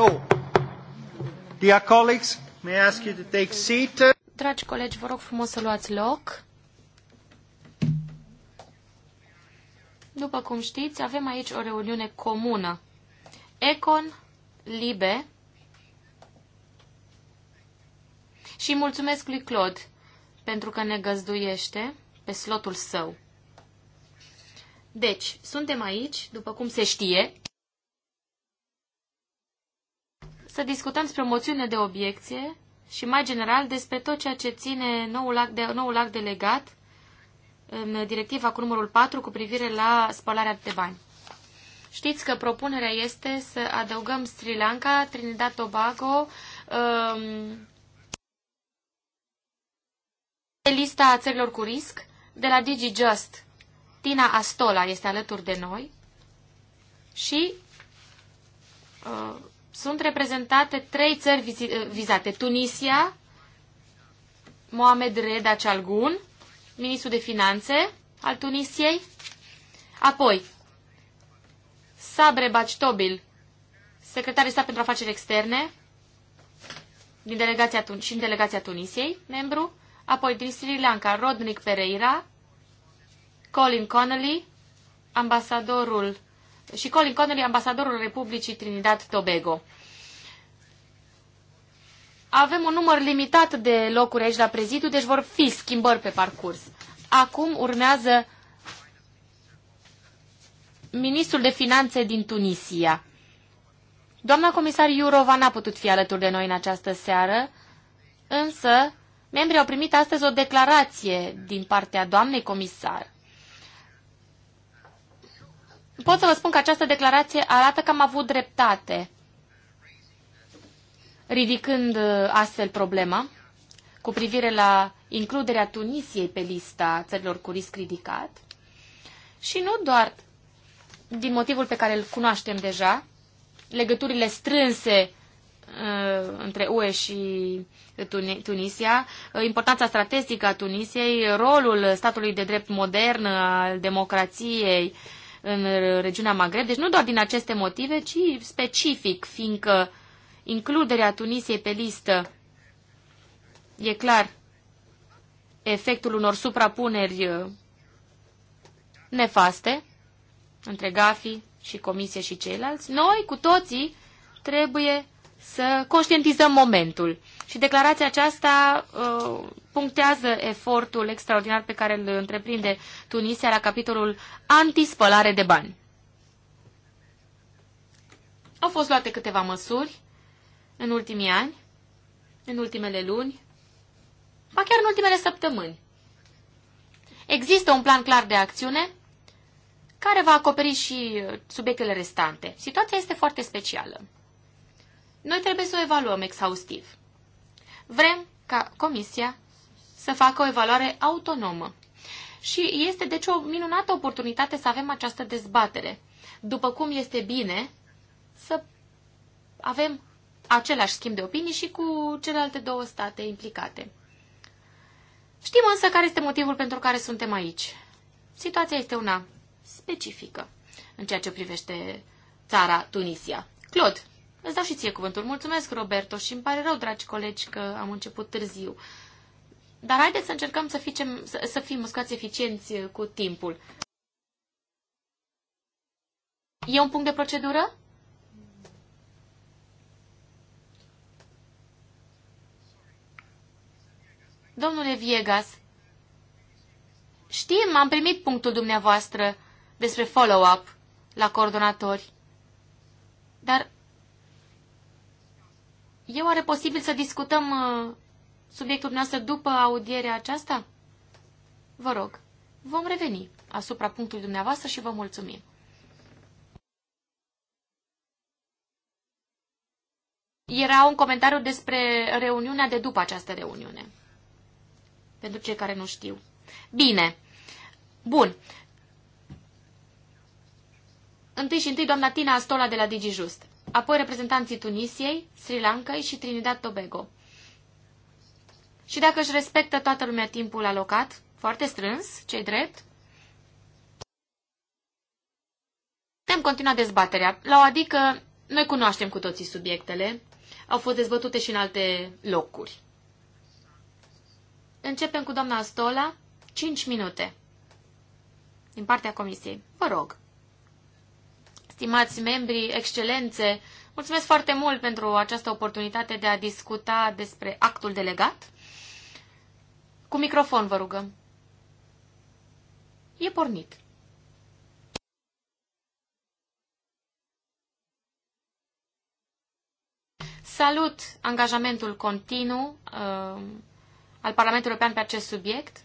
So, dear colleagues, may I ask you to take seat? Dragi colegi, vă rog frumos să luați loc. După cum știți, avem aici o reuniune comună. Econ, Libe și mulțumesc lui Claude pentru că ne găzduiește pe slotul său. Deci, suntem aici, după cum se știe, să discutăm despre o moțiune de obiecție și mai general despre tot ceea ce ține noul act, de, noul act delegat în directiva cu numărul 4 cu privire la spălarea de bani. Știți că propunerea este să adăugăm Sri Lanka, Trinidad Tobago, um, pe lista țărilor cu risc de la DigiJust. Tina Astola este alături de noi și uh, sunt reprezentate trei țări vizate. Tunisia, Mohamed Reda Cialgun, ministrul de finanțe al Tunisiei, apoi Sabre Bactobil, secretar de stat pentru afaceri externe din delegația, și în delegația Tunisiei, membru, apoi din Sri Lanka, Rodnick Pereira, Colin Connolly, ambasadorul și Colin Connolly, ambasadorul Republicii Trinidad Tobago. Avem un număr limitat de locuri aici la prezidiu, deci vor fi schimbări pe parcurs. Acum urmează ministrul de finanțe din Tunisia. Doamna comisar Iurova n-a putut fi alături de noi în această seară, însă membrii au primit astăzi o declarație din partea doamnei comisar pot să vă spun că această declarație arată că am avut dreptate ridicând uh, astfel problema cu privire la includerea Tunisiei pe lista țărilor cu risc ridicat și nu doar din motivul pe care îl cunoaștem deja, legăturile strânse uh, între UE și Tunisia, uh, importanța strategică a Tunisiei, rolul statului de drept modern al democrației, uh, în regiunea Maghreb, deci nu doar din aceste motive, ci specific, fiindcă includerea Tunisiei pe listă e clar efectul unor suprapuneri uh, nefaste între Gafi și Comisie și ceilalți, noi cu toții trebuie să conștientizăm momentul. Și declarația aceasta uh, punctează efortul extraordinar pe care îl întreprinde Tunisia la capitolul antispălare de bani. Au fost luate câteva măsuri în ultimii ani, în ultimele luni, ba chiar în ultimele săptămâni. Există un plan clar de acțiune care va acoperi și subiectele restante. Situația este foarte specială. Noi trebuie să o evaluăm exhaustiv. Vrem ca Comisia să facă o evaluare autonomă. Și este deci o minunată oportunitate să avem această dezbatere. După cum este bine să avem același schimb de opinii și cu celelalte două state implicate. Știm însă care este motivul pentru care suntem aici. Situația este una specifică în ceea ce privește țara Tunisia. Claude, Îți dau și ție cuvântul. Mulțumesc, Roberto, și îmi pare rău, dragi colegi, că am început târziu. Dar haideți să încercăm să, ficem, să, să fim muscați eficienți cu timpul. E un punct de procedură? Domnule Viegas, știm, am primit punctul dumneavoastră despre follow-up la coordonatori. Dar E oare posibil să discutăm uh, subiectul noastră după audierea aceasta? Vă rog, vom reveni asupra punctului dumneavoastră și vă mulțumim. Era un comentariu despre reuniunea de după această reuniune. Pentru cei care nu știu. Bine. Bun. Întâi și întâi doamna Tina Astola de la DigiJust apoi reprezentanții Tunisiei, Sri Lankai și Trinidad Tobago. Și dacă își respectă toată lumea timpul alocat, foarte strâns, cei drept, putem continua dezbaterea. La o adică, noi cunoaștem cu toții subiectele, au fost dezbătute și în alte locuri. Începem cu doamna Stola, 5 minute, din partea comisiei. Vă rog stimați membri, excelențe, mulțumesc foarte mult pentru această oportunitate de a discuta despre actul delegat. Cu microfon, vă rugăm. E pornit. Salut angajamentul continuu uh, al Parlamentului European pe acest subiect.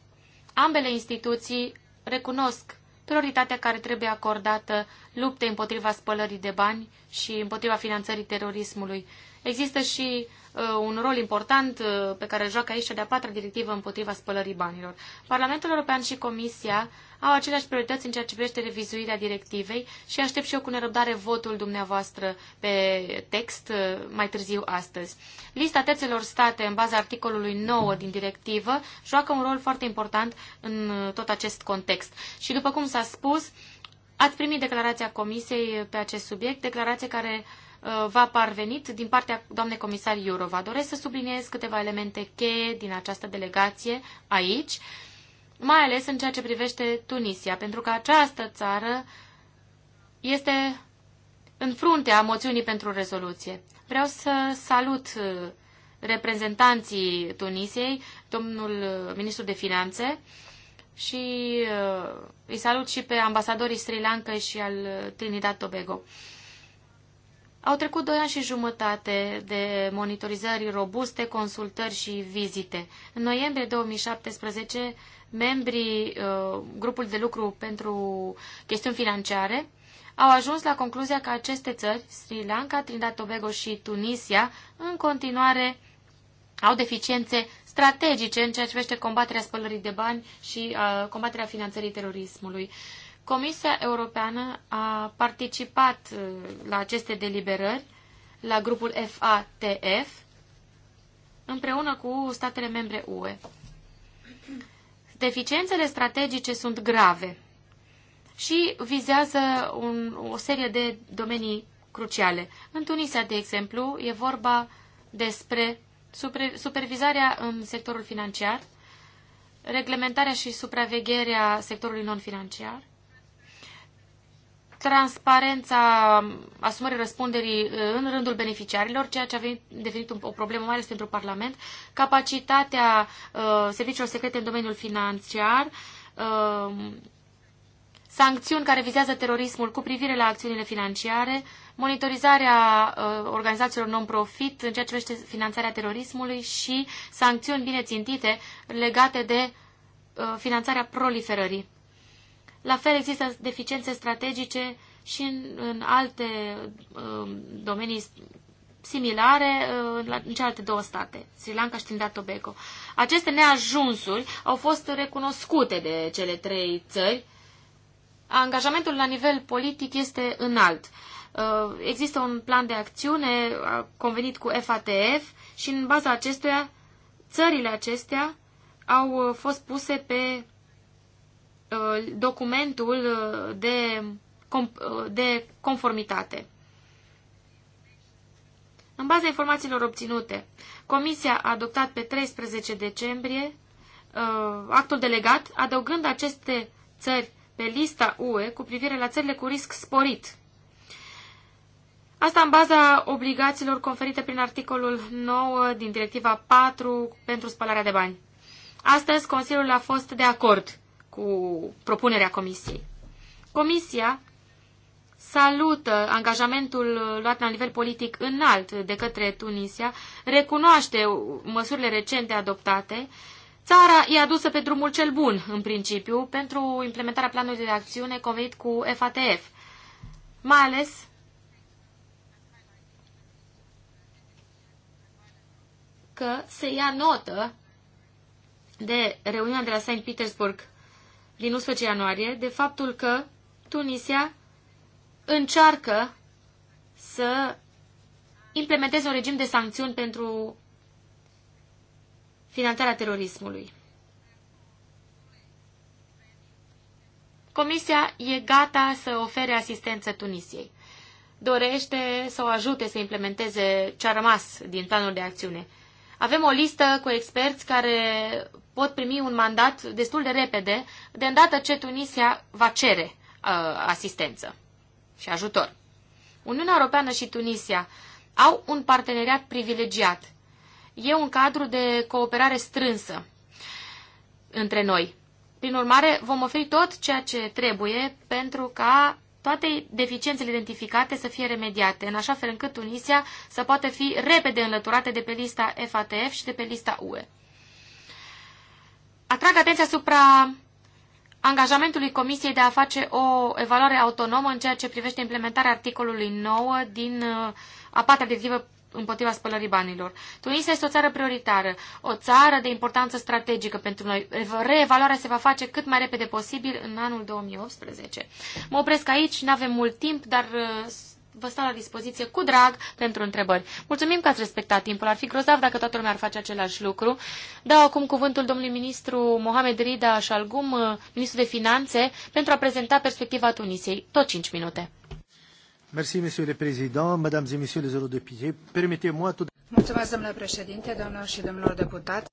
Ambele instituții recunosc prioritatea care trebuie acordată luptei împotriva spălării de bani și împotriva finanțării terorismului. Există și uh, un rol important uh, pe care îl joacă aici de-a patra directivă împotriva spălării banilor. Parlamentul European și Comisia au aceleași priorități în ceea ce privește revizuirea directivei și aștept și eu cu nerăbdare votul dumneavoastră pe text uh, mai târziu astăzi. Lista terțelor state în baza articolului 9 din directivă joacă un rol foarte important în uh, tot acest context. Și după cum s-a spus, ați primit declarația Comisiei pe acest subiect, declarație care uh, va parvenit din partea doamnei comisar Iurova. Doresc să subliniez câteva elemente cheie din această delegație aici mai ales în ceea ce privește Tunisia, pentru că această țară este în fruntea moțiunii pentru rezoluție. Vreau să salut uh, reprezentanții Tunisiei, domnul uh, ministru de finanțe și uh, îi salut și pe ambasadorii Sri Lanka și al Trinidad Tobago. Au trecut doi ani și jumătate de monitorizări robuste, consultări și vizite. În noiembrie 2017, membrii uh, grupului de lucru pentru chestiuni financiare au ajuns la concluzia că aceste țări, Sri Lanka, Trinidad Tobago și Tunisia, în continuare au deficiențe strategice în ceea ce privește combaterea spălării de bani și uh, combaterea finanțării terorismului. Comisia Europeană a participat uh, la aceste deliberări, la grupul FATF, împreună cu statele membre UE. Deficiențele strategice sunt grave și vizează un, o serie de domenii cruciale. În Tunisia, de exemplu, e vorba despre supervizarea în sectorul financiar, reglementarea și supravegherea sectorului non-financiar, transparența asumării răspunderii uh, în rândul beneficiarilor, ceea ce a venit definit o problemă mai ales pentru Parlament, capacitatea uh, serviciilor secrete în domeniul financiar, uh, sancțiuni care vizează terorismul cu privire la acțiunile financiare, monitorizarea uh, organizațiilor non-profit în ceea ce privește finanțarea terorismului și sancțiuni bine țintite legate de uh, finanțarea proliferării. La fel există deficiențe strategice și în, în alte um, domenii similare uh, în celelalte două state, Sri Lanka și Trinidad Tobago. Aceste neajunsuri au fost recunoscute de cele trei țări. Angajamentul la nivel politic este înalt. Uh, există un plan de acțiune convenit cu FATF și în baza acestuia țările acestea au uh, fost puse pe Uh, documentul uh, de, uh, de conformitate. În baza informațiilor obținute, Comisia a adoptat pe 13 decembrie actul delegat, adăugând aceste țări pe lista UE cu privire la țările cu risc sporit. Asta în baza obligațiilor conferite prin articolul 9 din Directiva 4 pentru spălarea de bani. Astăzi, Consiliul a fost de acord cu propunerea Comisiei. Comisia salută angajamentul luat la nivel politic înalt de către Tunisia, recunoaște măsurile recente adoptate, Țara e adusă pe drumul cel bun, în principiu, pentru implementarea planului de acțiune convenit cu FATF, mai ales că se ia notă de reuniunea de la St. Petersburg din 11 ianuarie de faptul că Tunisia încearcă să implementeze un regim de sancțiuni pentru finanțarea terorismului. Comisia e gata să ofere asistență Tunisiei. Dorește să o ajute să implementeze ce a rămas din planul de acțiune. Avem o listă cu experți care pot primi un mandat destul de repede, de îndată ce Tunisia va cere uh, asistență și ajutor. Uniunea Europeană și Tunisia au un parteneriat privilegiat. E un cadru de cooperare strânsă între noi. Prin urmare, vom oferi tot ceea ce trebuie pentru ca toate deficiențele identificate să fie remediate, în așa fel încât Tunisia să poată fi repede înlăturată de pe lista FATF și de pe lista UE. Atrag atenția asupra angajamentului Comisiei de a face o evaluare autonomă în ceea ce privește implementarea articolului 9 din uh, a patra directivă împotriva spălării banilor. Tunisia este o țară prioritară, o țară de importanță strategică pentru noi. Reevaluarea se va face cât mai repede posibil în anul 2018. Mă opresc aici, nu avem mult timp, dar uh, vă stau la dispoziție cu drag pentru întrebări. Mulțumim că ați respectat timpul. Ar fi grozav dacă toată lumea ar face același lucru. Dau acum cuvântul domnului ministru Mohamed Rida Shalgum, uh, ministru de Finanțe, pentru a prezenta perspectiva Tunisiei. Tot 5 minute. Merci, monsieur le président, mesdames et messieurs les eurodéputés. Permettez-moi tout... Mulțumesc, domnule președinte, doamnelor și domnilor deputați.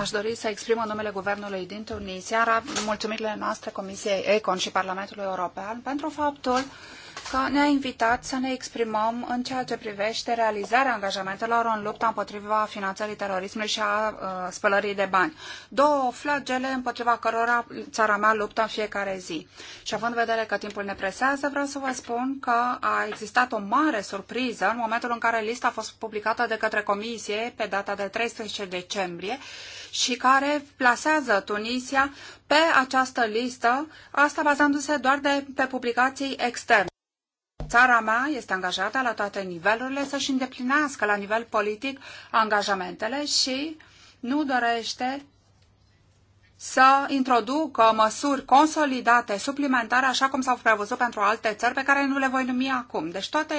Aș dori să exprim în numele Guvernului din Tunisia mulțumirile noastre Comisiei ECON și Parlamentului European pentru faptul că ne-a invitat să ne exprimăm în ceea ce privește realizarea angajamentelor în lupta împotriva finanțării terorismului și a uh, spălării de bani. Două flagele împotriva cărora țara mea luptă în fiecare zi. Și având în vedere că timpul ne presează, vreau să vă spun că a existat o mare surpriză în momentul în care lista a fost publicată de către Comisie pe data de 13 decembrie și care plasează Tunisia pe această listă, asta bazându-se doar de, pe publicații externe. Țara mea este angajată la toate nivelurile să-și îndeplinească la nivel politic angajamentele și nu dorește să introducă măsuri consolidate, suplimentare, așa cum s-au prevăzut pentru alte țări pe care nu le voi numi acum. Deci toate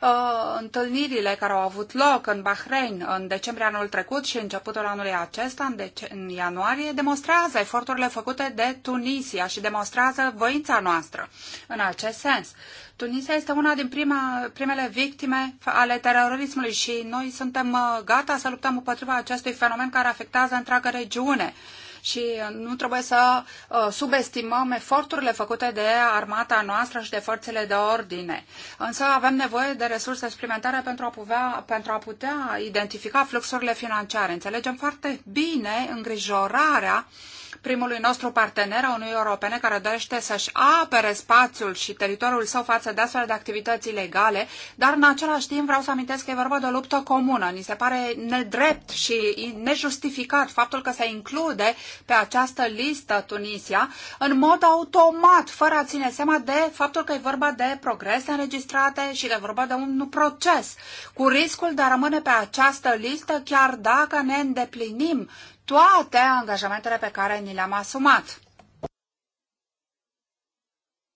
uh, întâlnirile care au avut loc în Bahrain în decembrie anul trecut și începutul anului acesta, în, dece- în ianuarie, demonstrează eforturile făcute de Tunisia și demonstrează voința noastră în acest sens. Tunisia este una din prima, primele victime ale terorismului și noi suntem uh, gata să luptăm împotriva acestui fenomen care afectează întreaga regiune. Uh, și uh, nu trebuie să uh, subestimăm eforturile făcute de armata noastră și de forțele de ordine. Însă avem nevoie de resurse suplimentare pentru a, putea, pentru a putea identifica fluxurile financiare. Înțelegem foarte bine îngrijorarea uh, primului nostru partener a Uniunii Europene care dorește să-și apere spațiul și teritoriul său față de astfel de activități ilegale, dar în același timp vreau să amintesc că e vorba de o luptă comună. Ni se pare nedrept și nejustificat faptul că se include pe această listă Tunisia în mod automat, fără a ține seama de faptul că e vorba de progrese înregistrate și că e vorba de un proces, cu riscul de a rămâne pe această listă chiar dacă ne îndeplinim toate angajamentele pe care ni le-am asumat.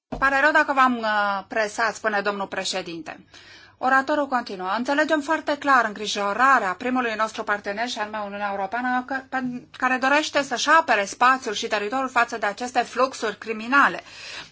Îmi pare rău dacă v-am uh, presat, spune domnul președinte. Oratorul continuă. Înțelegem foarte clar îngrijorarea primului nostru partener și anume Uniunea Europeană, care dorește să-și apere spațiul și teritoriul față de aceste fluxuri criminale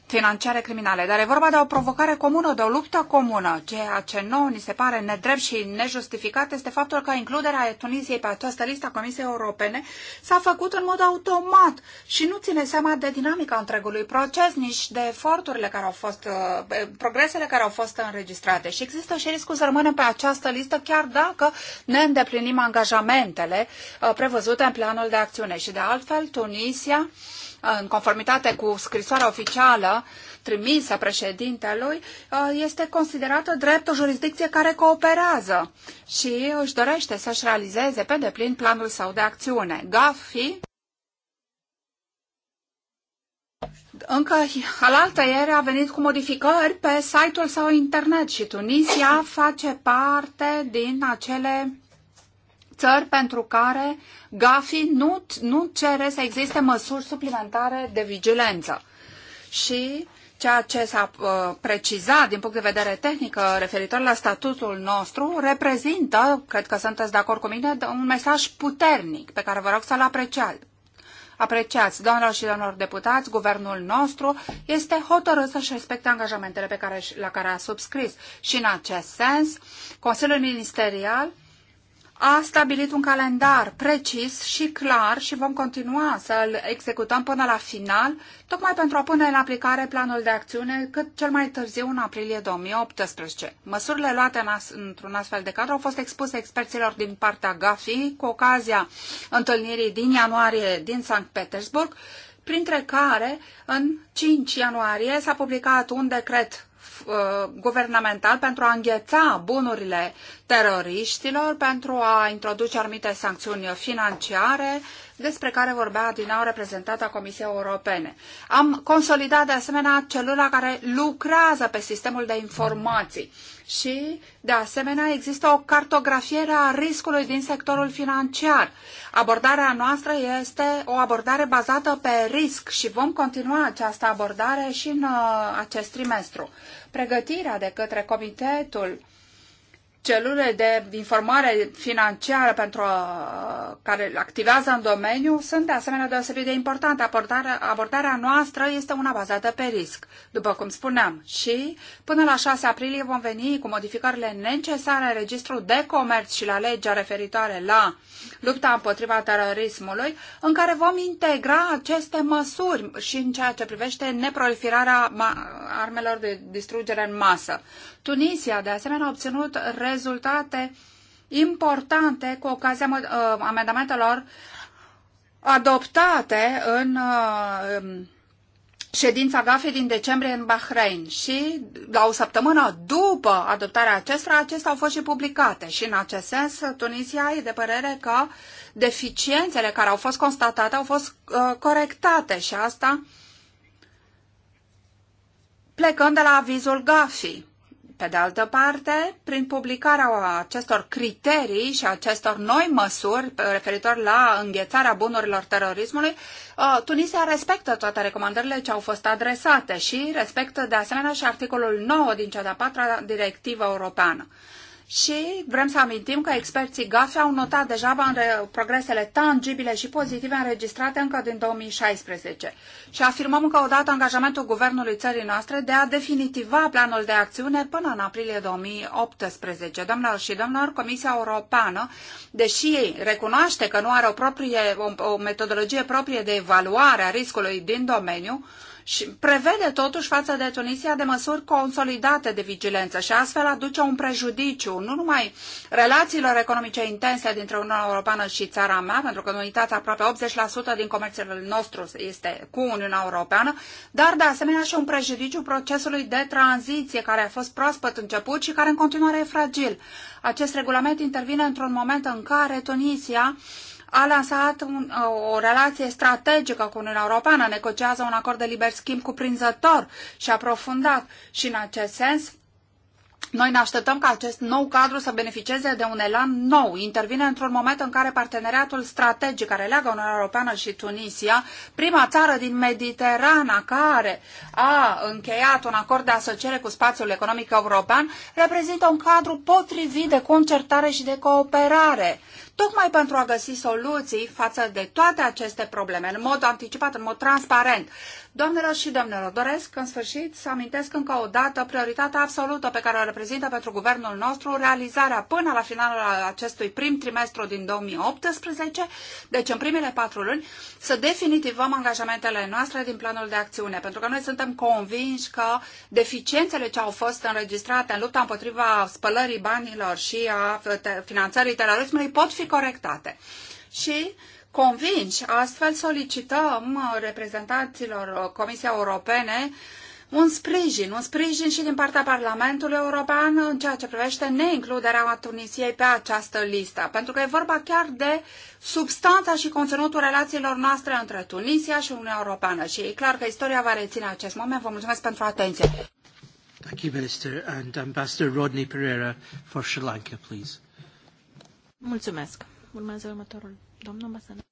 finanțare criminale, dar e vorba de o provocare comună, de o luptă comună. Ceea ce nouă ni se pare nedrept și nejustificat este faptul că includerea Tunisiei pe această listă a Comisiei Europene s-a făcut în mod automat și nu ține seama de dinamica întregului proces, nici de eforturile care au fost, eh, progresele care au fost înregistrate. Și există și riscul să rămânem pe această listă chiar dacă ne îndeplinim angajamentele eh, prevăzute în planul de acțiune. Și de altfel, Tunisia în conformitate cu scrisoarea oficială trimisă președintelui, uh, este considerată drept o jurisdicție care cooperează și își dorește să-și realizeze pe deplin planul său de acțiune. Gafi încă alaltă ieri a venit cu modificări pe site-ul său internet și Tunisia face parte din acele țări pentru care GAFI nu, nu cere să existe măsuri suplimentare de vigilență. Și ceea ce s-a uh, precizat din punct de vedere tehnic uh, referitor la statutul nostru reprezintă, cred că sunteți de acord cu mine, un mesaj puternic pe care vă rog să-l apreciați. Apreciați, doamnelor și domnilor deputați, guvernul nostru este hotărât să-și respecte angajamentele pe care, la care a subscris. Și în acest sens, Consiliul Ministerial a stabilit un calendar precis și clar și vom continua să-l executăm până la final, tocmai pentru a pune în aplicare planul de acțiune cât cel mai târziu în aprilie 2018. Măsurile luate în as, într-un astfel de cadru au fost expuse experților din partea GAFI cu ocazia întâlnirii din ianuarie din Sankt Petersburg, printre care în 5 ianuarie s-a publicat un decret Uh, guvernamental pentru a îngheța bunurile teroriștilor, pentru a introduce anumite sancțiuni financiare despre care vorbea din nou reprezentată a Comisiei Europene. Am consolidat de asemenea celula care lucrează pe sistemul de informații și, de asemenea, există o cartografiere a riscului din sectorul financiar. Abordarea noastră este o abordare bazată pe risc și vom continua această abordare și în uh, acest trimestru pregătirea de către Comitetul celulele de informare financiară pentru a, uh, care activează în domeniu sunt de asemenea deosebit de importante. Abordarea, abordarea noastră este una bazată pe risc, după cum spuneam, și până la 6 aprilie vom veni cu modificările necesare în registrul de comerț și la legea referitoare la lupta împotriva terorismului, în care vom integra aceste măsuri și în ceea ce privește neproliferarea armelor de distrugere în masă. Tunisia, de asemenea, a obținut rezultate importante cu ocazia uh, amendamentelor adoptate în uh, um, ședința GAFE din decembrie în Bahrain și la o săptămână după adoptarea acestora, acestea au fost și publicate și în acest sens Tunisia e de părere că deficiențele care au fost constatate au fost uh, corectate și asta plecând de la avizul GAFI. Pe de altă parte, prin publicarea acestor criterii și acestor noi măsuri uh, referitor la înghețarea bunurilor terorismului, uh, Tunisia respectă toate recomandările ce au fost adresate și respectă de asemenea și articolul 9 din cea de-a patra directivă europeană și vrem să amintim că experții GAFE au notat deja progresele tangibile și pozitive înregistrate încă din 2016 și afirmăm încă o dată angajamentul guvernului țării noastre de a definitiva planul de acțiune până în aprilie 2018. Domnilor și domnilor, Comisia Europeană, deși recunoaște că nu are o, proprie, o, o metodologie proprie de evaluare a riscului din domeniu, și prevede totuși față de Tunisia de măsuri consolidate de vigilență și astfel aduce un prejudiciu nu numai relațiilor economice intense dintre Uniunea Europeană și țara mea, pentru că în unitate aproape 80% din comerțul nostru este cu Uniunea Europeană, dar de asemenea și un prejudiciu procesului de tranziție care a fost proaspăt început și care în continuare e fragil. Acest regulament intervine într-un moment în care Tunisia uh, a lansat un, o relație strategică cu Uniunea Europeană, negociază un acord de liber schimb cuprinzător și aprofundat și în acest sens noi ne așteptăm ca acest nou cadru să beneficieze de un elan nou. Intervine într-un moment în care parteneriatul strategic care leagă Uniunea Europeană și Tunisia, prima țară din Mediterana care a încheiat un acord de asociere cu spațiul economic european, reprezintă un cadru potrivit de concertare și de cooperare tocmai pentru a găsi soluții față de toate aceste probleme, în mod anticipat, în mod transparent. Doamnelor și domnilor, doresc în sfârșit să amintesc încă o dată prioritatea absolută pe care o reprezintă pentru guvernul nostru realizarea până la finalul acestui prim trimestru din 2018, deci în primele patru luni, să definitivăm angajamentele noastre din planul de acțiune, pentru că noi suntem convinși că deficiențele ce au fost înregistrate în lupta împotriva spălării banilor și a finanțării terorismului pot fi corectate. Și convinși, astfel solicităm uh, reprezentanților uh, Comisiei Europene un sprijin, un sprijin și din partea Parlamentului European în ceea ce privește neincluderea Tunisiei pe această listă, pentru că e vorba chiar de substanța și conținutul relațiilor noastre între Tunisia și Uniunea Europeană și e clar că istoria va reține acest moment. Vă mulțumesc pentru atenție. Thank you, Minister, and Ambassador Rodney Pereira for Sri Lanka, please. Mulțumesc. Urmează următorul. Domnul ambasador.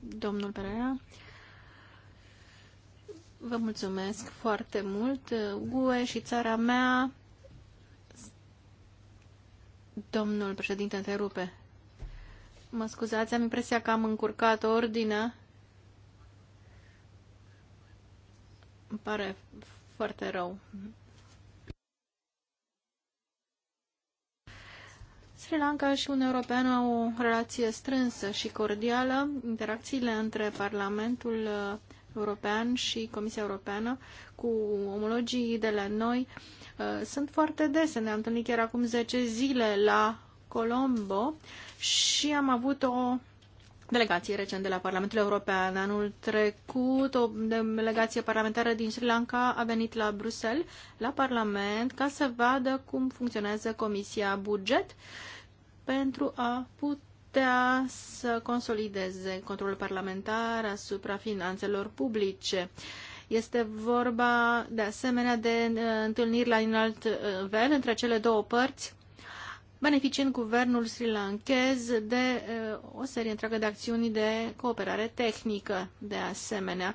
Domnul Pereira. Vă mulțumesc foarte mult. UE și țara mea. Domnul președinte întrerupe. Mă scuzați, am impresia că am încurcat ordinea. Îmi pare foarte rău. Sri Lanka și Uniunea Europeană au o relație strânsă și cordială. Interacțiile între Parlamentul uh, European și Comisia Europeană cu omologii de la noi uh, sunt foarte dese. Ne-am întâlnit chiar acum 10 zile la Colombo și am avut o delegație recent de la Parlamentul European. Anul trecut, o delegație parlamentară din Sri Lanka a venit la Bruxelles, la Parlament, ca să vadă cum funcționează Comisia Buget pentru a putea să consolideze controlul parlamentar asupra finanțelor publice. Este vorba de asemenea de uh, întâlniri la înalt uh, nivel între cele două părți, beneficiind guvernul sri lankez de uh, o serie întreagă de acțiuni de cooperare tehnică de asemenea.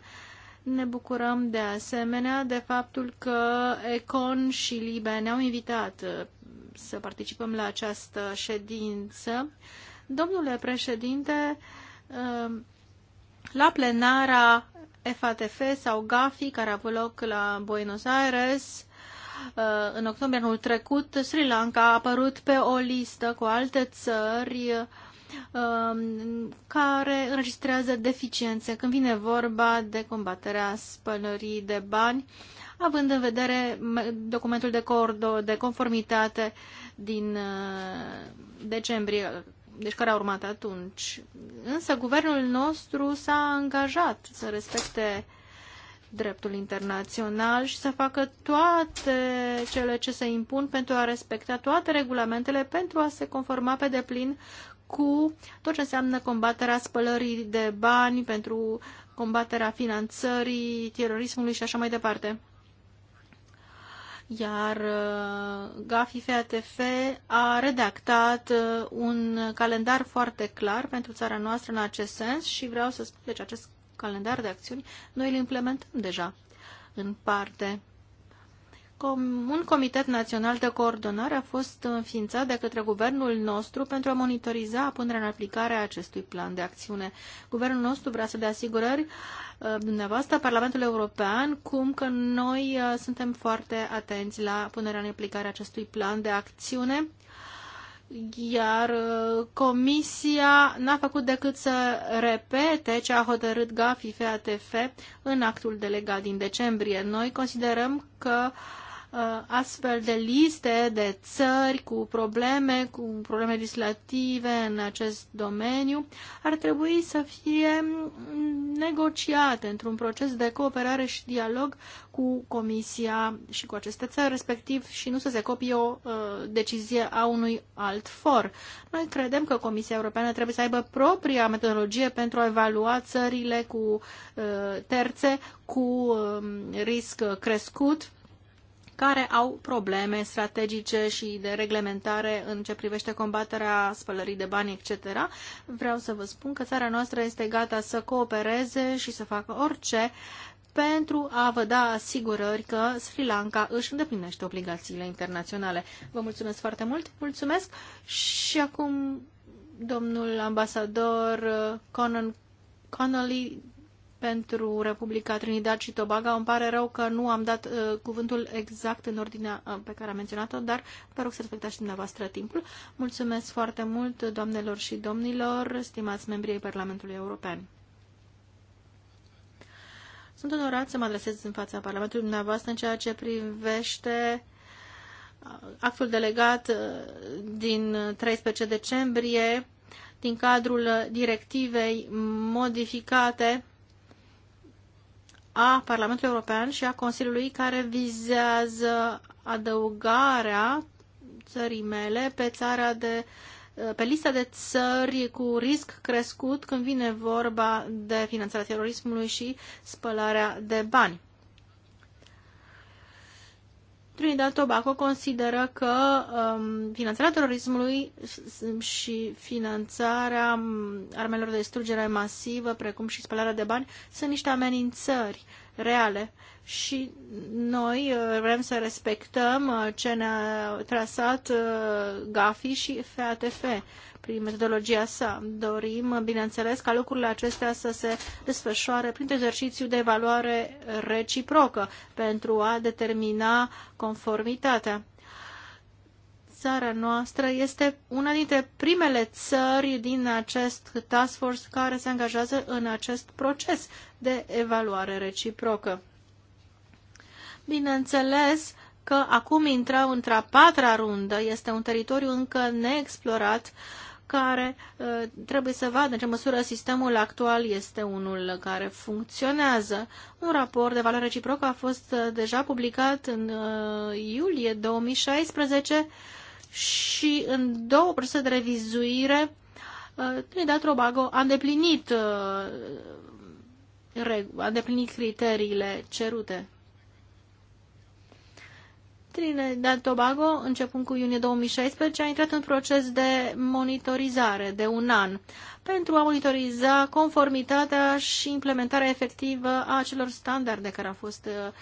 Ne bucurăm de asemenea de faptul că Econ și Libe ne-au invitat să participăm la această ședință. Domnule președinte, um, la plenara FATF sau GAFI, care a avut loc la Buenos Aires, uh, în octombrie anul trecut, Sri Lanka a apărut pe o listă cu alte țări um, care înregistrează deficiențe când vine vorba de combaterea spălării de bani având în vedere documentul de, cordo, de conformitate din uh, decembrie, deci care a urmat atunci. Însă guvernul nostru s-a angajat să respecte dreptul internațional și să facă toate cele ce se impun pentru a respecta toate regulamentele pentru a se conforma pe deplin cu tot ce înseamnă combaterea spălării de bani, pentru combaterea finanțării terorismului și așa mai departe iar uh, Gafi FATF a redactat uh, un calendar foarte clar pentru țara noastră în acest sens și vreau să spun, deci acest calendar de acțiuni noi îl implementăm deja în parte un comitet național de coordonare a fost înființat de către guvernul nostru pentru a monitoriza punerea în aplicare a acestui plan de acțiune. Guvernul nostru vrea să dea asigurări uh, dumneavoastră, Parlamentul European, cum că noi uh, suntem foarte atenți la punerea în aplicare a acestui plan de acțiune iar uh, comisia n-a făcut decât să repete ce a hotărât GAFI-FATF în actul delegat din decembrie. Noi considerăm că uh, Uh, astfel de liste de țări cu probleme, cu probleme legislative în acest domeniu, ar trebui să fie negociate într-un proces de cooperare și dialog cu Comisia și cu aceste țări, respectiv și nu să se copie o uh, decizie a unui alt for. Noi credem că Comisia Europeană trebuie să aibă propria metodologie pentru a evalua țările cu uh, terțe cu uh, risc crescut care au probleme strategice și de reglementare în ce privește combaterea spălării de bani, etc. Vreau să vă spun că țara noastră este gata să coopereze și să facă orice pentru a vă da asigurări că Sri Lanka își îndeplinește obligațiile internaționale. Vă mulțumesc foarte mult, mulțumesc și acum domnul ambasador uh, Conan Connolly pentru Republica Trinidad și Tobago. Îmi pare rău că nu am dat uh, cuvântul exact în ordinea uh, pe care am menționat-o, dar vă rog să respectați și dumneavoastră timpul. Mulțumesc foarte mult, doamnelor și domnilor, stimați membrii Parlamentului European. Sunt onorat să mă adresez în fața Parlamentului dumneavoastră în ceea ce privește uh, actul delegat uh, din 13 decembrie din cadrul directivei modificate a Parlamentului European și a Consiliului care vizează adăugarea țării mele pe țara de pe lista de țări cu risc crescut când vine vorba de finanțarea terorismului și spălarea de bani. Trinidad Tobacco consideră că um, finanțarea terorismului și finanțarea um, armelor de distrugere masivă, precum și spălarea de bani, sunt niște amenințări reale și noi uh, vrem să respectăm uh, ce ne-a trasat uh, GAFI și FATF prin metodologia sa. Dorim, bineînțeles, ca lucrurile acestea să se desfășoare printr exercițiu de evaluare reciprocă pentru a determina conformitatea țara noastră este una dintre primele țări din acest task force care se angajează în acest proces de evaluare reciprocă. Bineînțeles că acum intrăm într-a patra rundă, este un teritoriu încă neexplorat, care uh, trebuie să vadă în ce măsură sistemul actual este unul care funcționează. Un raport de valoare reciprocă a fost uh, deja publicat în uh, iulie 2016 și în două procese de revizuire Trinidad Tobago a îndeplinit, a îndeplinit criteriile cerute. Trinidad Tobago, începând cu iunie 2016, a intrat în proces de monitorizare de un an pentru a monitoriza conformitatea și implementarea efectivă a acelor standarde care au fost uh,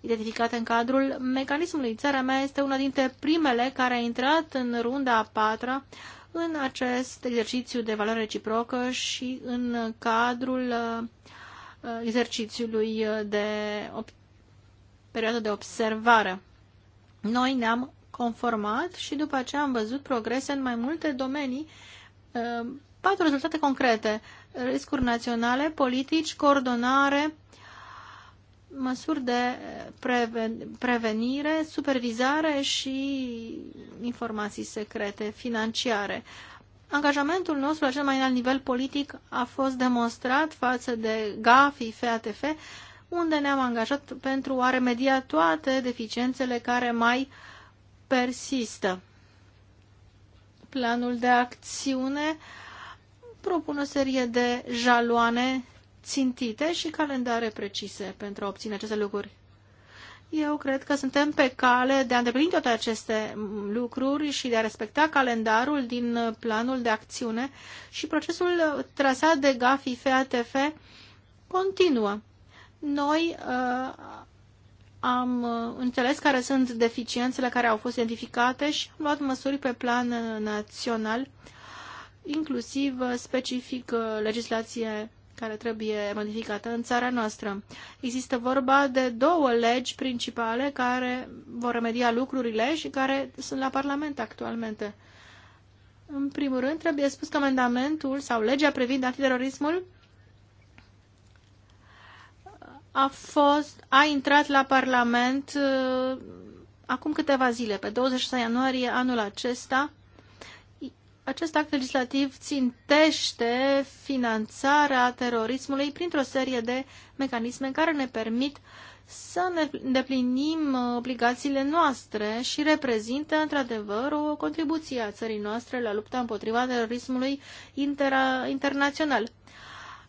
identificate în cadrul mecanismului. Țara mea este una dintre primele care a intrat în runda a patra în acest exercițiu de valoare reciprocă și în cadrul uh, uh, exercițiului de perioadă de observare. Noi ne-am conformat și după aceea am văzut progrese în mai multe domenii, uh, patru rezultate concrete, riscuri naționale, politici, coordonare, măsuri de prevenire, supervizare și informații secrete financiare. Angajamentul nostru la cel mai înalt nivel politic a fost demonstrat față de GAFI, FATF, unde ne-am angajat pentru a remedia toate deficiențele care mai persistă. Planul de acțiune propune o serie de jaloane țintite și calendare precise pentru a obține aceste lucruri. Eu cred că suntem pe cale de a îndeplini toate aceste lucruri și de a respecta calendarul din planul de acțiune și procesul trasat de GAFI-FATF continuă. Noi uh, am uh, înțeles care sunt deficiențele care au fost identificate și am luat măsuri pe plan uh, național, inclusiv uh, specific uh, legislație care trebuie modificată în țara noastră. Există vorba de două legi principale care vor remedia lucrurile și care sunt la Parlament actualmente. În primul rând, trebuie spus că amendamentul sau legea privind antiterorismul a fost, a intrat la Parlament uh, acum câteva zile, pe 26 ianuarie anul acesta. Acest act legislativ țintește finanțarea terorismului printr-o serie de mecanisme care ne permit să ne îndeplinim uh, obligațiile noastre și reprezintă într-adevăr o contribuție a țării noastre la lupta împotriva terorismului inter internațional.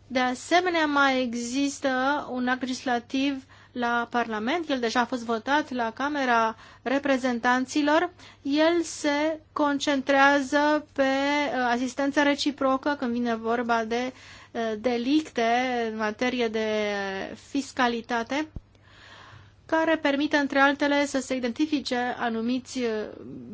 De asemenea, mai există un act legislativ la Parlament, el deja a fost votat la Camera Reprezentanților, el se concentrează pe uh, asistența reciprocă când vine vorba de uh, delicte în materie de fiscalitate, care permite, între altele, să se identifice anumiți uh,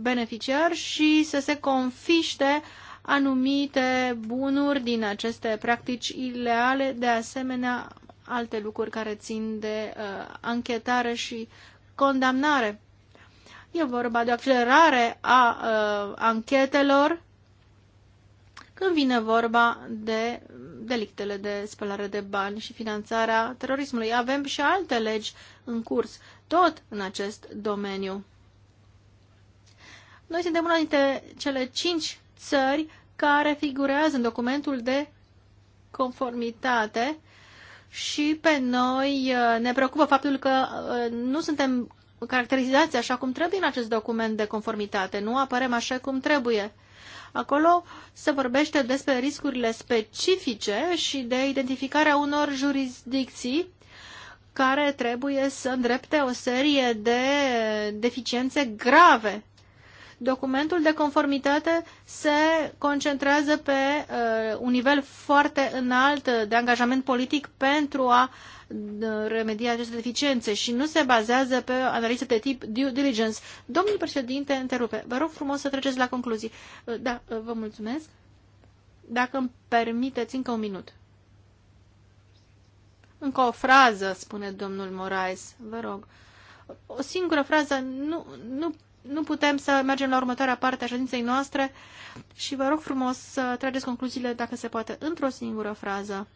beneficiari și să se confiște anumite bunuri din aceste practici ileale, de asemenea alte lucruri care țin de uh, anchetare și condamnare. E vorba de o accelerare a uh, anchetelor când vine vorba de delictele de spălare de bani și finanțarea terorismului. Avem și alte legi în curs, tot în acest domeniu. Noi suntem una dintre cele cinci țări care figurează în documentul de conformitate și pe noi uh, ne preocupă faptul că uh, nu suntem caracterizați așa cum trebuie în acest document de conformitate, nu apărem așa cum trebuie. Acolo se vorbește despre riscurile specifice și de identificarea unor jurisdicții care trebuie să îndrepte o serie de deficiențe grave documentul de conformitate se concentrează pe uh, un nivel foarte înalt de angajament politic pentru a uh, remedia aceste deficiențe și nu se bazează pe analize de tip due diligence. Domnul președinte, întrerupe. Vă rog frumos să treceți la concluzii. Uh, da, uh, vă mulțumesc. Dacă îmi permiteți încă un minut. Încă o frază, spune domnul Moraes. Vă rog. O singură frază nu, nu nu putem să mergem la următoarea parte a ședinței noastre și vă rog frumos să trageți concluziile, dacă se poate, într-o singură frază.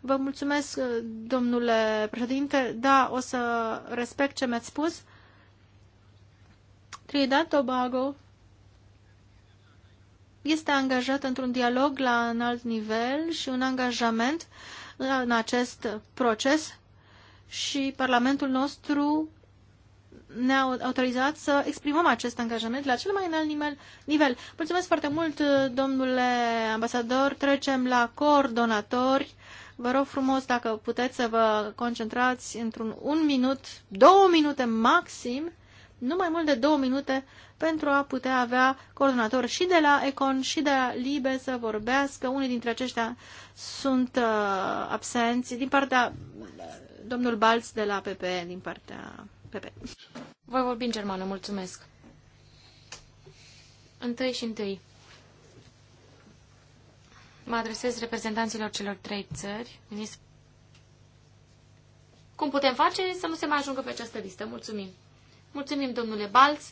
Vă mulțumesc, domnule președinte. Da, o să respect ce mi-ați spus. Trinidad Tobago este angajat într-un dialog la un alt nivel și un angajament în acest proces și Parlamentul nostru ne-a autorizat să exprimăm acest angajament la cel mai înalt nivel. nivel. Mulțumesc foarte mult, domnule ambasador. Trecem la coordonatori. Vă rog frumos dacă puteți să vă concentrați într-un un minut, două minute maxim, nu mai mult de două minute, pentru a putea avea coordonator și de la Econ și de la Libe să vorbească. Unii dintre aceștia sunt uh, absenți din partea uh, domnul Balț de la PP, din partea Pepe. Voi vorbi în germană, mulțumesc. Întâi și întâi. Mă adresez reprezentanților celor trei țări. Cum putem face să nu se mai ajungă pe această listă? Mulțumim. Mulțumim, domnule Balț.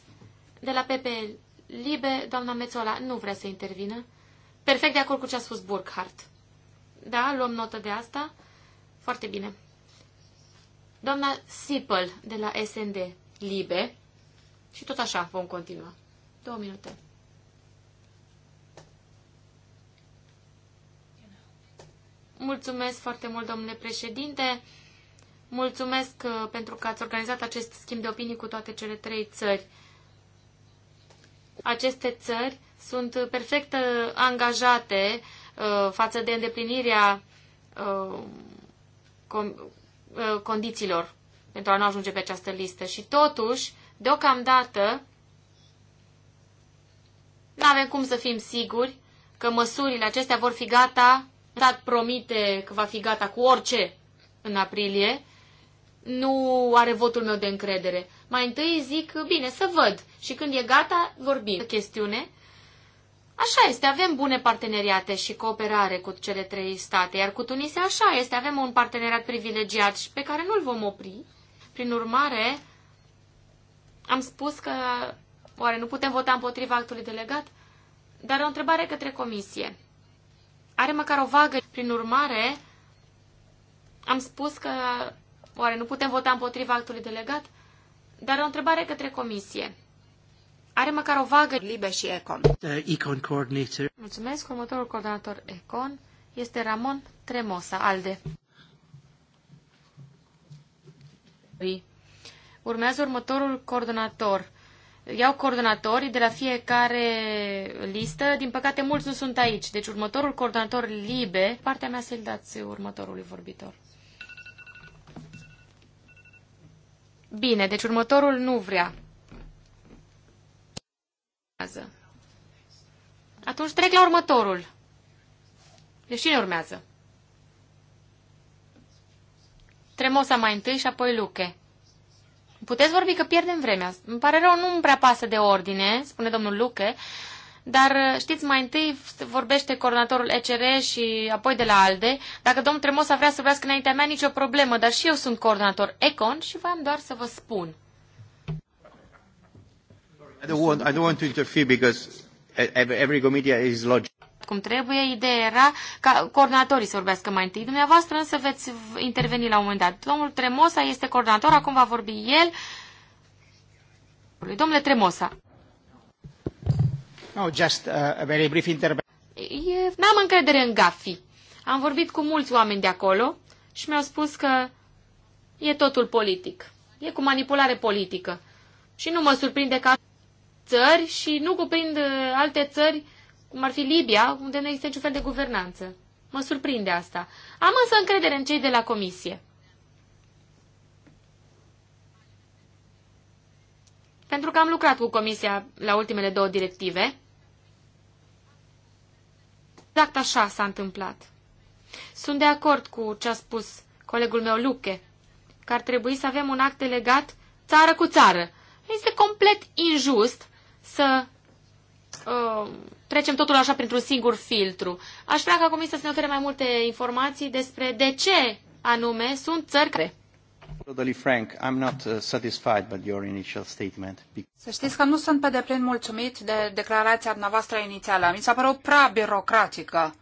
De la Pepe Libe, doamna Mețola nu vrea să intervină. Perfect de acord cu ce a spus Burkhardt. Da, luăm notă de asta. Foarte bine. Doamna Sipel de la SND Libe și tot așa vom continua. Două minute. Mulțumesc foarte mult, domnule președinte. Mulțumesc uh, pentru că ați organizat acest schimb de opinii cu toate cele trei țări. Aceste țări sunt perfect uh, angajate uh, față de îndeplinirea Uh, condițiilor pentru a nu ajunge pe această listă. Și totuși, deocamdată, nu avem cum să fim siguri că măsurile acestea vor fi gata. dat promite că va fi gata cu orice în aprilie. Nu are votul meu de încredere. Mai întâi zic, bine, să văd. Și când e gata, vorbim. Chestiune Așa este, avem bune parteneriate și cooperare cu cele trei state, iar cu Tunisia așa este, avem un parteneriat privilegiat și pe care nu-l vom opri. Prin urmare, am spus că oare nu putem vota împotriva actului delegat? Dar o întrebare către comisie. Are măcar o vagă. Prin urmare, am spus că oare nu putem vota împotriva actului delegat? Dar o întrebare către comisie are măcar o vagă Libe și Econ. Uh, Econ coordinator. Mulțumesc. Următorul coordonator Econ este Ramon Tremosa, ALDE. Urmează următorul coordonator. Iau coordonatorii de la fiecare listă. Din păcate, mulți nu sunt aici. Deci, următorul coordonator Libe, partea mea să-l dați următorului vorbitor. Bine, deci următorul nu vrea urmează? Atunci trec la următorul. Deci cine urmează? Tremosa mai întâi și apoi Luche. Puteți vorbi că pierdem vremea. Îmi pare rău, nu îmi prea pasă de ordine, spune domnul Luche, dar uh, știți, mai întâi vorbește coordonatorul ECR și apoi de la ALDE. Dacă domnul Tremosa vrea să vorbească înaintea mea, nicio problemă, dar și eu sunt coordonator ECON și am doar să vă spun. I don't want, I don't want to interfere because every committee is logic. Cum trebuie, ideea era ca coordonatorii să vorbească mai întâi. Dumneavoastră însă veți interveni la un moment dat. Domnul Tremosa este coordonator, acum va vorbi el. Domnule Tremosa. No, just uh, a very brief intervention. N-am încredere în Gafi. Am vorbit cu mulți oameni de acolo și mi-au spus că e totul politic. E cu manipulare politică. Și nu mă surprinde că țări și nu cuprind uh, alte țări, cum ar fi Libia, unde nu există niciun fel de guvernanță. Mă surprinde asta. Am însă încredere în cei de la comisie. Pentru că am lucrat cu comisia la ultimele două directive, exact așa s-a întâmplat. Sunt de acord cu ce a spus colegul meu Luche, că ar trebui să avem un act legat țară cu țară. Este complet injust să uh, trecem totul așa printr-un singur filtru. Aș vrea ca Comisia să ne ofere mai multe informații despre de ce anume sunt țări care... Totally frank, I'm not uh, satisfied by your initial statement. Să știți că nu sunt pe deplin mulțumit de declarația dumneavoastră inițială. Mi s-a părut prea birocratică.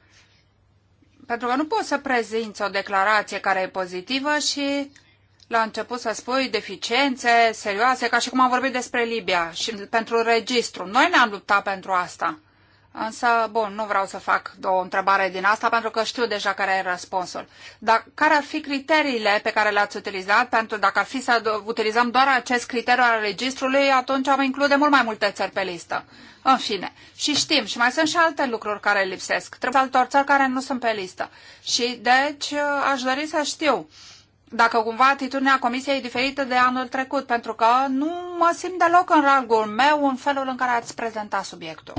Pentru că nu poți să prezinți o declarație care e pozitivă și la început să spui deficiențe serioase, ca și cum am vorbit despre Libia și pentru registru. Noi ne-am luptat pentru asta. Însă, bun, nu vreau să fac o întrebare din asta pentru că știu deja care e răspunsul. Dar care ar fi criteriile pe care le-ați utilizat? Pentru dacă ar fi să utilizăm doar acest criteriu al registrului, atunci am include mult mai multe țări pe listă. În fine. Și știm, și mai sunt și alte lucruri care lipsesc. Trebuie altor țări care nu sunt pe listă. Și deci aș dori să știu dacă cumva atitudinea comisiei e diferită de anul trecut, pentru că nu mă simt deloc în rangul meu în felul în care ați prezentat subiectul.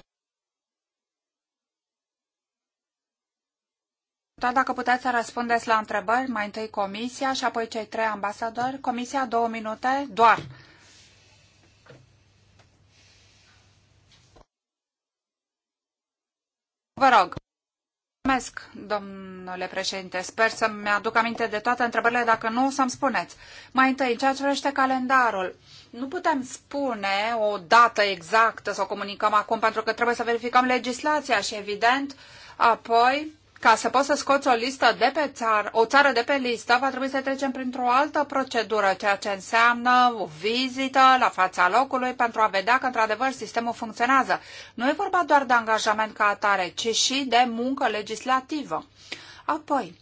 Doar dacă puteți să răspundeți la întrebări, mai întâi comisia și apoi cei trei ambasadori. Comisia, două minute, doar. Vă rog. Mulțumesc, domnule președinte. Sper să-mi aduc aminte de toate întrebările, dacă nu, să-mi spuneți. Mai întâi, în ceea ce vrește calendarul, nu putem spune o dată exactă, să o comunicăm acum, pentru că trebuie să verificăm legislația și, evident, apoi ca să poți să scoți o listă de pe țară, o țară de pe listă, va trebui să trecem printr-o altă procedură, ceea ce înseamnă o vizită la fața locului pentru a vedea că, într-adevăr, sistemul funcționează. Nu e vorba doar de angajament ca atare, ci și de muncă legislativă. Apoi,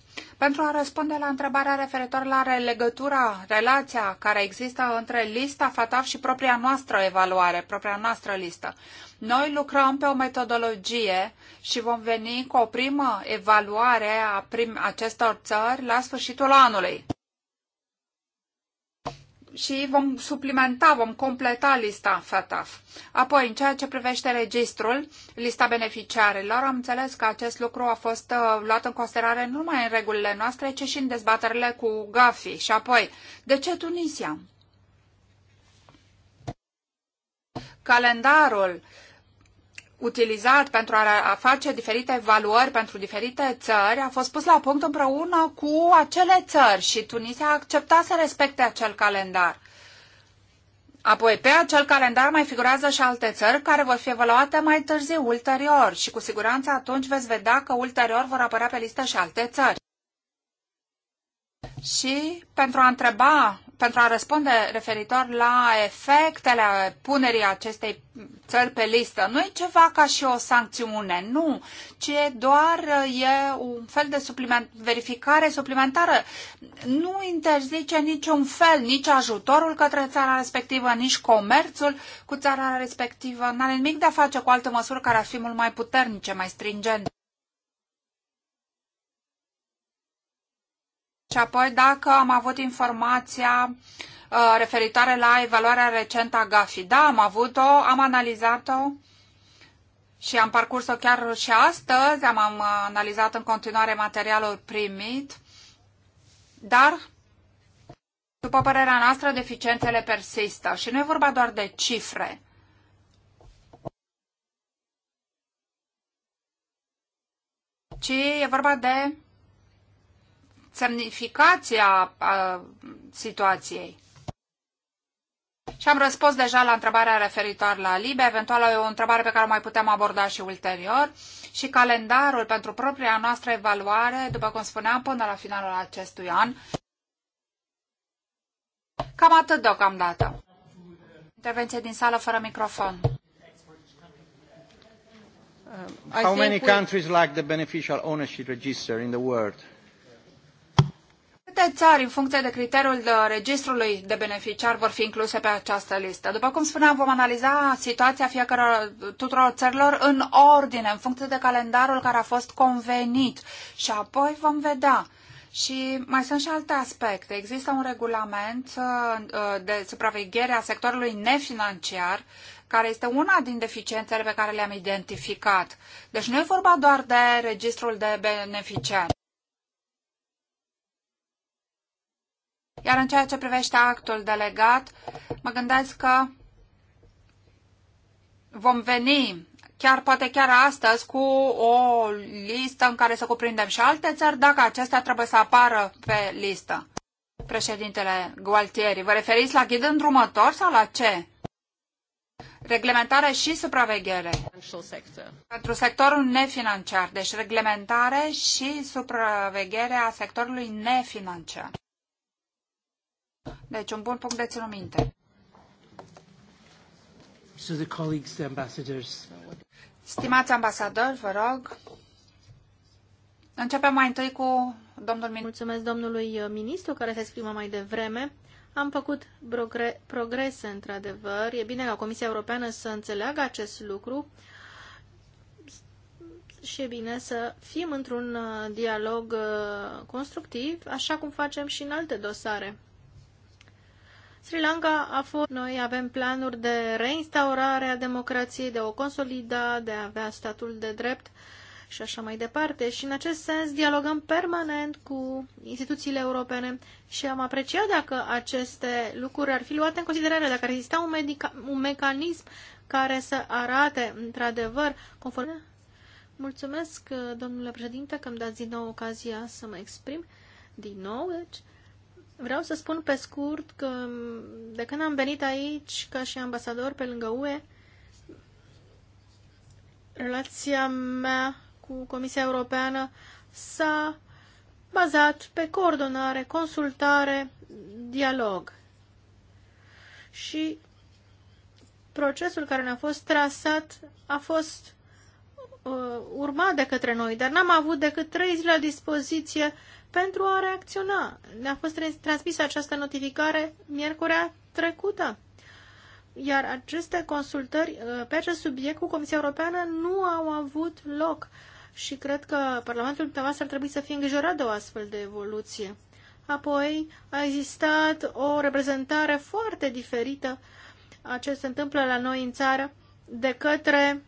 pentru a răspunde la întrebarea referitor la legătura, relația care există între lista FATAF și propria noastră evaluare, propria noastră listă, noi lucrăm pe o metodologie și vom veni cu o primă evaluare a prim, acestor țări la sfârșitul anului și vom suplimenta, vom completa lista FATAF. Apoi, în ceea ce privește registrul, lista beneficiarilor, am înțeles că acest lucru a fost uh, luat în considerare nu numai în regulile noastre, ci și în dezbaterile cu GAFI. Și apoi, de ce Tunisia? Calendarul utilizat pentru a face diferite evaluări pentru diferite țări a fost pus la punct împreună cu acele țări și Tunisia a acceptat să respecte acel calendar. Apoi, pe acel calendar mai figurează și alte țări care vor fi evaluate mai târziu, ulterior, și cu siguranță atunci veți vedea că ulterior vor apărea pe listă și alte țări. Și pentru a întreba pentru a răspunde referitor la efectele punerii acestei țări pe listă, nu e ceva ca și o sancțiune, nu, ci doar e un fel de supliment, verificare suplimentară. Nu interzice niciun fel, nici ajutorul către țara respectivă, nici comerțul cu țara respectivă. N-are nimic de a face cu alte măsuri care ar fi mult mai puternice, mai stringente. Și apoi dacă am avut informația uh, referitoare la evaluarea recentă a GAFI. Da, am avut-o, am analizat-o și am parcurs-o chiar și astăzi. Am, am analizat în continuare materialul primit, dar după părerea noastră, deficiențele persistă și nu e vorba doar de cifre. Ci e vorba de semnificația a, situației. Și am răspuns deja la întrebarea referitor la Libe, eventual o întrebare pe care o mai putem aborda și ulterior, și calendarul pentru propria noastră evaluare, după cum spuneam, până la finalul acestui an. Cam atât deocamdată. Intervenție din sală fără microfon. How many countries lack the beneficial ownership register in the world? Câte țări, în funcție de criteriul de registrului de beneficiar, vor fi incluse pe această listă? După cum spuneam, vom analiza situația fiecare tuturor țărilor în ordine, în funcție de calendarul care a fost convenit. Și apoi vom vedea. Și mai sunt și alte aspecte. Există un regulament uh, uh, de supraveghere a sectorului nefinanciar care este una din deficiențele pe care le-am identificat. Deci nu e vorba doar de registrul de beneficiari. Iar în ceea ce privește actul delegat, mă gândesc că vom veni chiar poate chiar astăzi cu o listă în care să cuprindem și alte țări, dacă acestea trebuie să apară pe listă. Președintele Gualtieri, vă referiți la ghid îndrumător sau la ce? Reglementare și supraveghere. Pentru sectorul nefinanciar, deci reglementare și supraveghere a sectorului nefinanciar. Deci, un bun punct de ținut minte. So the colleagues, the ambassadors. Stimați ambasadori, vă rog. Începem mai întâi cu domnul ministru. Mulțumesc domnului uh, ministru care se exprimă mai devreme. Am făcut progre- progrese, într-adevăr. E bine ca Comisia Europeană să înțeleagă acest lucru și e bine să fim într-un uh, dialog uh, constructiv, așa cum facem și în alte dosare. Sri Lanka a fost... Noi avem planuri de reinstaurare a democrației, de o consolida, de a avea statul de drept și așa mai departe. Și în acest sens dialogăm permanent cu instituțiile europene și am apreciat dacă aceste lucruri ar fi luate în considerare, dacă ar exista un, medica, un mecanism care să arate, într-adevăr, conform... Mulțumesc, domnule președinte, că îmi dați din nou ocazia să mă exprim. Din nou, deci... Vreau să spun pe scurt că de când am venit aici ca și ambasador pe lângă UE, relația mea cu Comisia Europeană s-a bazat pe coordonare, consultare, dialog. Și procesul care ne-a fost trasat a fost uh, urmat de către noi, dar n-am avut decât trei zile la dispoziție pentru a reacționa. Ne-a fost transmisă această notificare miercurea trecută. Iar aceste consultări uh, pe acest subiect cu Comisia Europeană nu au avut loc și cred că Parlamentul dumneavoastră ar trebui să fie îngrijorat de o astfel de evoluție. Apoi a existat o reprezentare foarte diferită a ce se întâmplă la noi în țară de către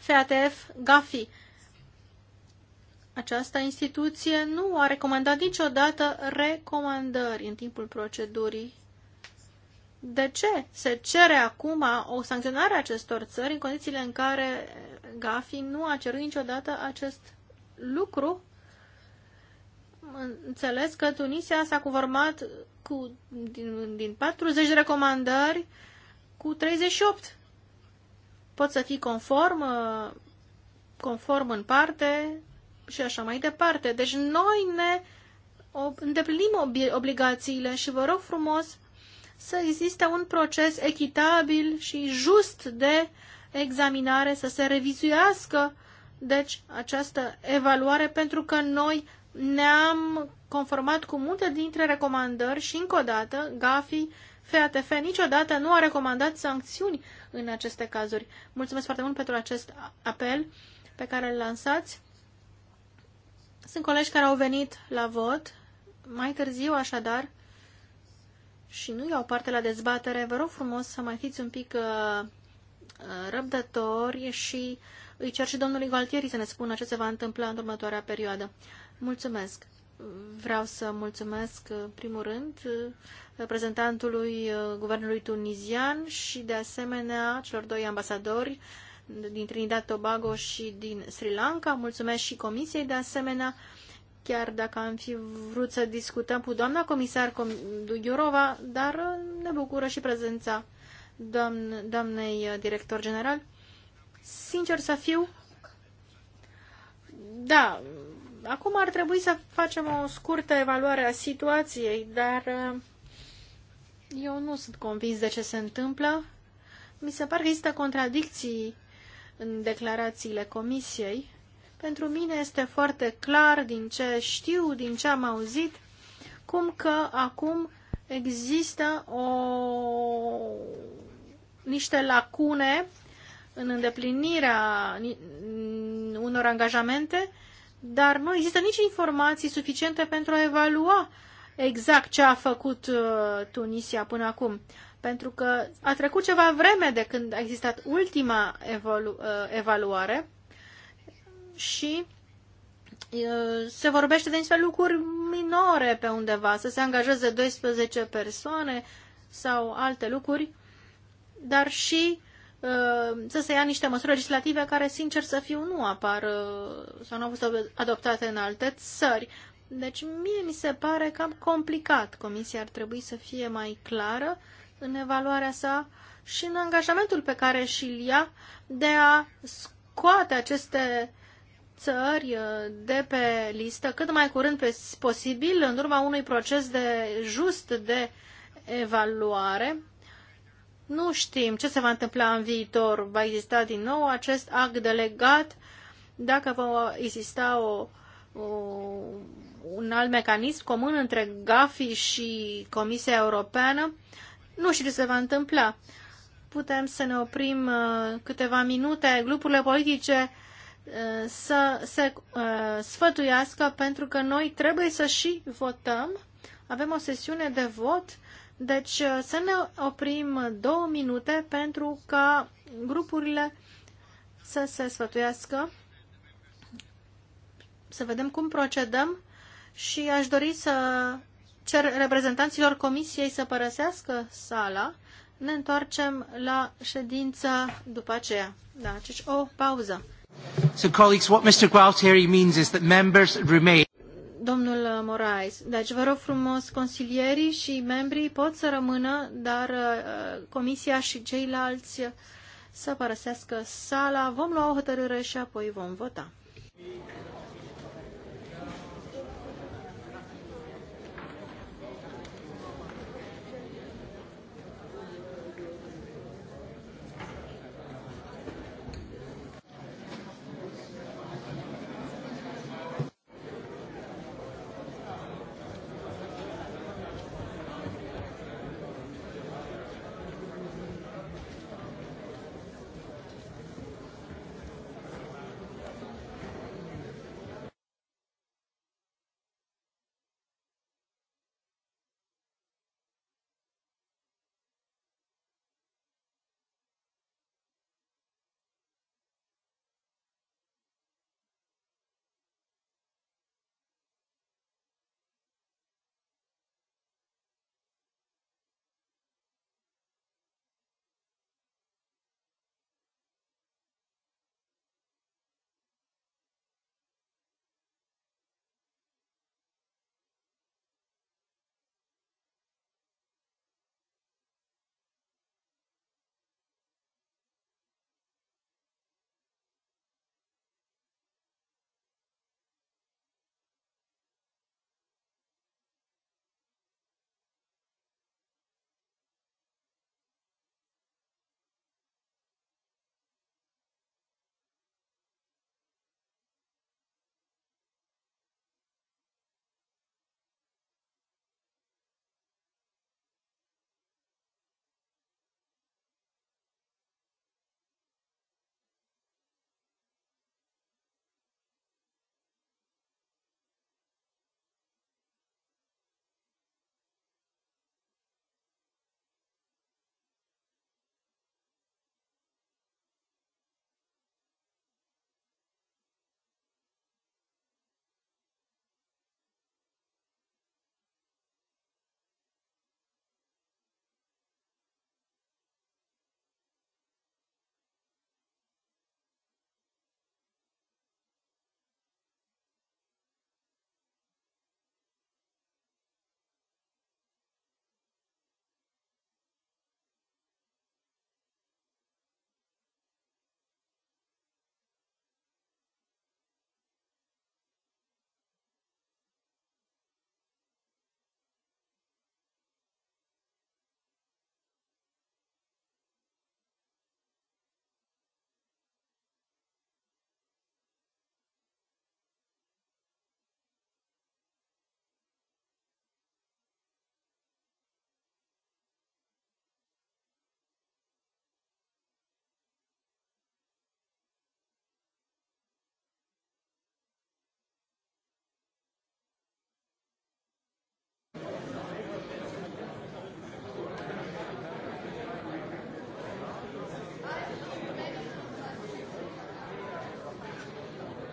FATF GAFI această instituție nu a recomandat niciodată recomandări în timpul procedurii. De ce se cere acum o sancționare a acestor țări în condițiile în care Gafi nu a cerut niciodată acest lucru? Înțeles că Tunisia s-a conformat cu, din, din 40 de recomandări cu 38. Pot să fii conform, conform în parte, și așa mai departe. Deci noi ne îndeplinim obligațiile și vă rog frumos să existe un proces echitabil și just de examinare, să se revizuiască deci această evaluare pentru că noi ne-am conformat cu multe dintre recomandări și încă o dată GAFI FATF niciodată nu a recomandat sancțiuni în aceste cazuri. Mulțumesc foarte mult pentru acest apel pe care îl lansați sunt colegi care au venit la vot mai târziu, așadar, și nu iau parte la dezbatere. Vă rog frumos să mai fiți un pic uh, uh răbdători și îi cer și domnului Galtieri să ne spună ce se va întâmpla în următoarea perioadă. Mulțumesc! Vreau să mulțumesc, în uh, primul rând, uh, reprezentantului Guvernului Tunizian și, de asemenea, celor doi ambasadori din Trinidad Tobago și din Sri Lanka. Mulțumesc și Comisiei de asemenea, chiar dacă am fi vrut să discutăm cu doamna comisar Dugiorova, dar ne bucură și prezența doamn, doamnei director general. Sincer să fiu, da, acum ar trebui să facem o scurtă evaluare a situației, dar uh, eu nu sunt convins de ce se întâmplă. Mi se pare că există contradicții în declarațiile comisiei. Pentru mine este foarte clar din ce știu, din ce am auzit, cum că acum există o... niște lacune în îndeplinirea unor angajamente, dar nu există nici informații suficiente pentru a evalua exact ce a făcut uh, Tunisia până acum pentru că a trecut ceva vreme de când a existat ultima uh, evaluare și uh, se vorbește de niște lucruri minore pe undeva, să se angajeze 12 persoane sau alte lucruri, dar și uh, să se ia niște măsuri legislative care, sincer să fiu, nu apar sau nu au fost adoptate în alte țări. Deci mie mi se pare cam complicat. Comisia ar trebui să fie mai clară, în evaluarea sa și în angajamentul pe care și-l ia de a scoate aceste țări uh, de pe listă cât mai curând posibil în urma unui proces de just de evaluare. Nu știm ce se va întâmpla în viitor. Va exista din nou acest act delegat dacă va exista o, o, un alt mecanism comun între GAFI și Comisia Europeană nu știu ce se va întâmpla. Putem să ne oprim uh, câteva minute, grupurile politice uh, să se uh, sfătuiască pentru că noi trebuie să și votăm. Avem o sesiune de vot, deci să ne oprim două minute pentru ca grupurile să se sfătuiască, să vedem cum procedăm și aș dori să Cer reprezentanților comisiei să părăsească sala. Ne întoarcem la ședința după aceea. Da, deci o pauză. So, colleagues, what Mr. Gualtieri means is that members remain. Domnul Moraes, deci vă rog frumos, consilierii și membrii pot să rămână, dar uh, comisia și ceilalți să părăsească sala. Vom lua o hotărâre și apoi vom vota.